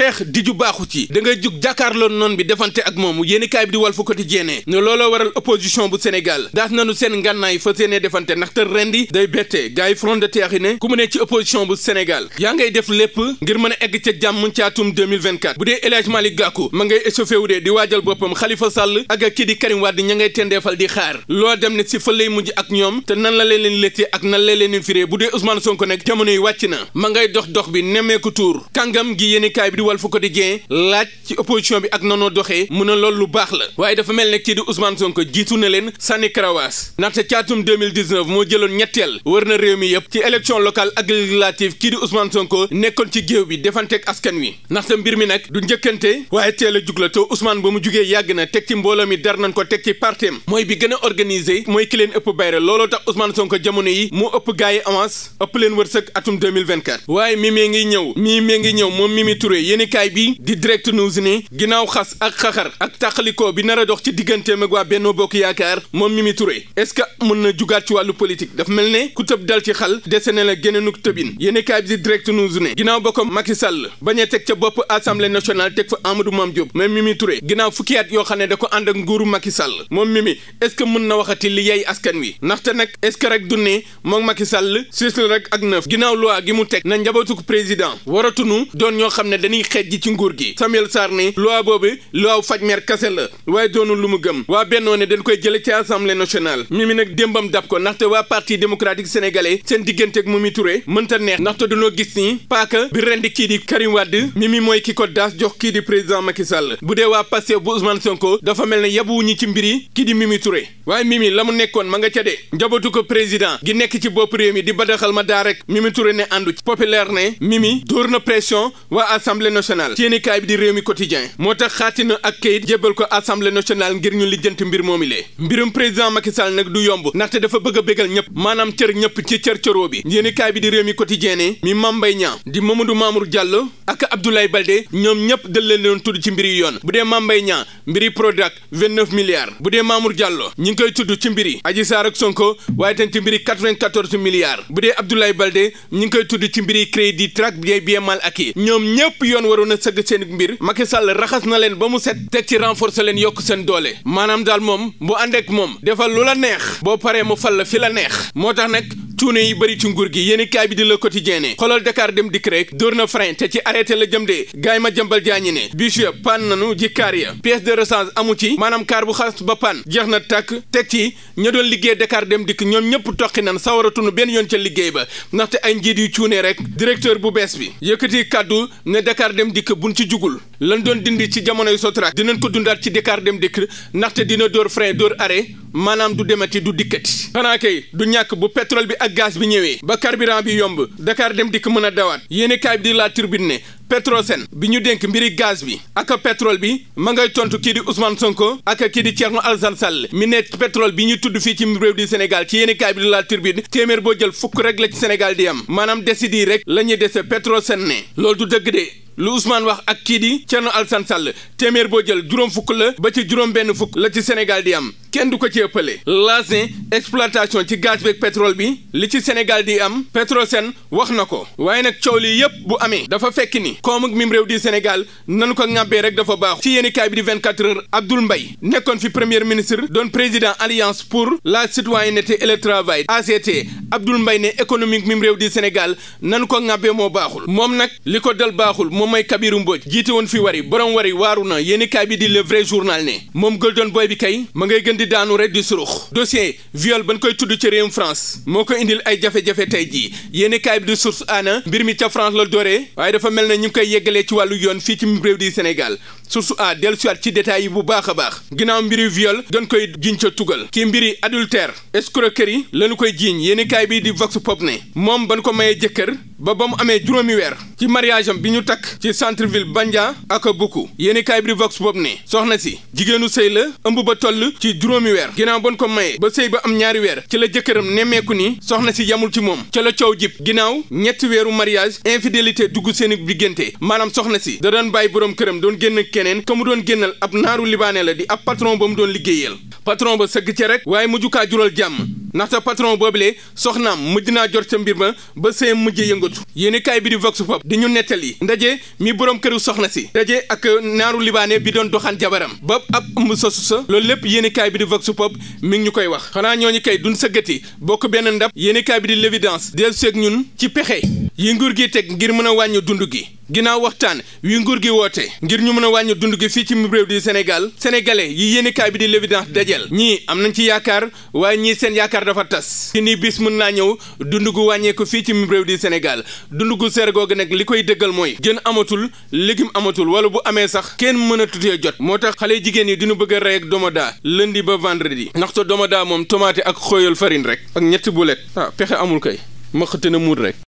xeex di ju baaxu ci da ngay jug jàkkaarloo noonu bi defante ak moom yéenekaay bi di Walf Quotidien ne looloo waral opposition bu Sénégal daas nañu seen ngànnaay fas yéene defante ndaxte ren di day bette gars front de terre ne ku mu ci opposition bu Sénégal yaa ngay def lépp ngir mën a egg ca jàmm ca atum bu dee El Hadj Malick ma ngay échauffé wu dee di waajal boppam Khalifa Sall ak kii di Karim Wade ña ngay tendeefal di xaar loo dem ne si Walf Quotidien laaj ci opposition bi ak noonu doxee mun a loolu lu baax la waaye dafa mel ne kii di Ousmane Sonko jiitu na leen sànni karawaas ndaxte caatum 2019 moo jëloon ñetteel wër na réew mi yëpp ci élection locale ak législative di Ousmane Sonko nekkoon ci géew bi defanteeg askan wi ndaxte mbir mi nag du njëkkante waaye teel a jug la te Ousmane ba mu jugee yàgg na teg ci mbooloo mi dar nañ ko teg ci partem mooy bi gën a organisé mooy ki leen ëpp bayre looloo tax yi moo ëpp gaay avance ëpp leen yéenekaay bi di direct news ni ginnaaw xas ak xaxar ak tàqalikoo bi nar a dox ci digganteem ak waa Benno Bokk Yaakaar moom Mimi Touré est mën na jugaat ci wàllu politique daf mel ne ku tëb dal ci xal dese na la géneenuk tëbin yéenekaay bi di direct news ne ginnaaw ba ko Macky Sall bañ a teg ca bopp assemblée nationale teg fa Amadou Mame Diop mais Mimi Touré ginnaaw fukki at yoo xam ne da ko ànd ak nguuru Macky Sall moom Mimi est mën na waxati li yey askan wi ndaxte nag est na njabootuk président waratunu doon ñoo xam muy xeej ji ci nguur gi Samuel Sarr ni loi boobu loi faj mer kase la waaye doonul lu gëm waa bennoo ne dañ koy jële ci assemblée nationale Mimi nag démbam dab ko ndaxte waa parti démocratique sénégalais seen diggante ak Mimi Touré mënta neex ndaxte dañoo gis ni paaka bi rendi kii di Karim Wade Mimi mooy ki ko daas jox kii di président Macky Sall bu dee waa Pastef bu Ousmane Sonko dafa mel ne yabuwuñu ci mbir yi kii di Mimi Touré waaye Mimi la nekkoon ma nga ca de njabootu ko président gi nekk ci bopp réew mi di badaxal ma daa rek Mimi Touré ne àndu ci populaire ne Mimi assemblée nationale ci yéenekaay bi di réew mi moo tax xaatina ak kayit jébbal ko assemblée nationale ngir ñu lijjanti mbir moomi lee mbirum président Macky Sall du yomb ndaxte dafa bëgg a bégal ñëpp cër ñëpp ci cër cëroo bi yéenekaay di réew mi ne mi Mame Mbaye Niang di Mamadou Mamour Diallo ak Abdoulaye Baldé ñoom ñëpp dal leen tudd ci mbiri yoon bu dee Mame Mbaye mbiri Prodac 29 bu dee Mamour Diallo ñi tudd ci mbiri Adji Sarr yoon waroon a sëgg seen mbir Macky Sall raxas na leen ba mu set teg ci renforcer leen yokk seen doole maanaam daal moom bu ànd moom defal lu la neex boo paree mu fal la fi la neex moo tax nekk cuune yi bëri ci nguur gi yéen i bi di Le Quotidien ne xoolal Dakar dem dikk rek dóor na frein te ci arrêté la jëm de gaay ma jëmbal jaañi ne bus ya pan nanu ji kaar ya pièce de rechange amu ci maanaam kaar bu xas ba pan jeex na tàkk teg ci ña doon liggéey Dakar dem dikk ñoom ñëpp toqi nan sawaratunu benn yoon ca liggéey ba ndaxte ay njiit yu cuune rek directeur bu bees bi yëkkati kàddu ne Dakar dem dikk buñ ci jugul lan doon dindi ci jamonoy Sotrac dinañ ko dundaat ci Dakar dem dikk ndaxte dina dóor frein dóor arrêt maanaam du demati du dikkati xanaa kay du ñàkk bu pétrole bi ak gaz bi ñëwee ba carburant bi yomb Dakar dem dikk mën a dawaat yéeni kaay bi di la turbine ne Petrosen bi ñu dénk mbiri gaz bi ak pétrole bi ma ngay tontu kii di Ousmane Sonko ak kii di Thierno Alassane Sall mi ne pétrole bi ñu tudd fii ci réew di Sénégal ci yéeni kaay bi di la turbine téeméer boo jël fukk rek la ci Sénégal di am maanaam décidi rek la ñuy dese Petrosen ne loolu du dëgg de lu wax ak kii di Thierno Alassane Sall téeméer boo jël juróom fukk la ba ci juróom benn fukk la ci Sénégal di am kenn du ko ci ëppale laas ne exploitation ci gaz beeg bi li ci Sénégal di am Petrosen wax na ko waaye nag coow lii yëpp bu amee dafa fekk ni koom ak mim réew di Sénégal nanu ko ŋàbbee rek dafa baaxu ci yéenikaay bi di 24 heures Abdoul Mbaye nekkoon fi premier ministre doon président alliance pour la citoyenneté et le travail ACT Abdoul mbay ne économique mim réew di Sénégal nanu ko ŋàbbee moo baaxul moom nag li ko dal baaxul moom mooy Kabiru Mbodj jiite woon fi wari borom wari waaru na yéenikaay bi di le vrai journal ne moom Golden Boy bi kay di daanu rek di surux dossier viol ban koy tudd ci réewum France moo ko indil ay jafe-jafe tey jii yéen kaay bi di source ana mbir mi ca France la dooree waaye dafa mel ne ñu koy yeggalee ci wàllu yoon fii ci réew di Sénégal source a ah, dellu siwaat ci détails yi bu baax a baax ginnaaw mbiri viol dañ koy jiñ ca tugal ci mbiri adultère escroquerie lañu koy jiiñ yéenekaay bi di vox pop moom ban ko mayee jëkkër ba ba mu amee juróomi weer ci mariage bi ñu takk ci centre ville Bandia ak Buku yéenekaay bi di vox pop ne soxna si jigéenu sëy la ëmb ba toll ci juróomi weer ginnaaw ban ko mayee ba sëy ba am ñaari weer ci la jëkkëram nemmeeku ni soxna si yamul ci moom ca la coow jib ginnaaw ñetti weeru mariage infidélité dugg seen diggante maanaam soxna si da doon bàyyi borom këram doon génn keneen ka mu doon génnal ab naaru libaane la di ab patron ba mu doon liggéeyal patron ba sëgg ca rek waaye mujjukaa jural jàmm ndaxte patron boobu boobule soxnaam mujj naa jot ca mbir ma ba seen mujj yëngatu yéeni bi di vox pop di ñu nettali ndaje mi borom këru soxna si ndaje ak naaru libaane bi doon doxaan jabaram ba ab ëmb sosu sa loolu lépp yéeni bi di vox pop mi ngi ñu koy wax xanaa ñooñu kay duñ sëggati bokk benn ndab yéeni kaay bi di l'évidence del seeg ñun ci pexe yi nguur gi teg ngir mën a wàññi dund gi ginnaaw waxtaan wi nguur gi woote ngir ñu mën a wàññi dund gi fii ci mu réew di Sénégal sénégalais yi yéenekaay bi di l'évidence dajel ñii am nañ ci yaakaar waaye ñii seen yaakaar dafa tas ci nii bis mën naa ñëw dund gu wàññeeku fii ci mu réew di Sénégal dund gu seer gi nag li koy dëggal mooy jën amatul légume amatul wala bu amee sax kenn mën a jot moo tax xale jigéen yi diñu bëgg a rey ak domoda lëndi ba vendredi ndaxte domoda moom tomate ak xóoyal farine rek ak ñetti boulet ah, pexe amul kay mëqate na muur rek